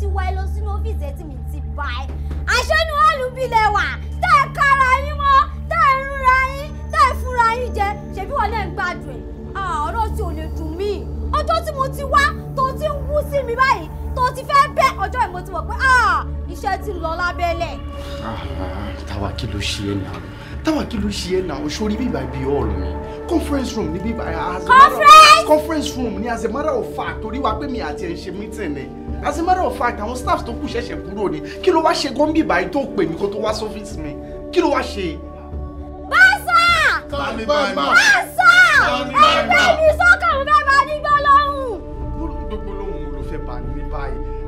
ti wá ẹ lọ sínú ọ́fíìsì ẹ tí mi ti bá ẹ. àṣẹ ni wọ́n lù bí lẹ wà tẹ́ ẹ kára yín mọ́ tẹ́ ẹ rúra yín tẹ́ ẹ fúnra yín jẹ ṣèbí wọn náà ń gbádùn ẹ̀. ọ̀rọ̀ tí ò lè dùn mí ọjọ́ tí mo ti wá tó ti ń wú sí mi báyìí tó ti fẹ́ bẹ́ ọjọ́ ìmọ̀ ti wọ̀ pé iṣẹ́ ti lọ lábẹ́lẹ̀. Ah, táwa kí ló ṣe é náà táwa kí ló ṣe é náà sórí bíbá ibi ọ̀rọ̀ mi conference room ni bíbá conference room ni as a matter of fact torí wa pé mi àti ẹ̀ ń ṣe meeting ni as a matter of fact àwọn staff tó kù ṣẹ̀ṣẹ̀ kúrò ni kí ló wá ṣe gómìnà báyìí tó pè mí kó tó wá sọ́fíìsì mi kí ló wá ṣe. bàṣà bàṣà ẹgbẹ́ mi sọ́kàn fẹ́ bá nígbà lọ́hùn. gbogbo lóhùn mo ló fẹ́ bá ní báyìí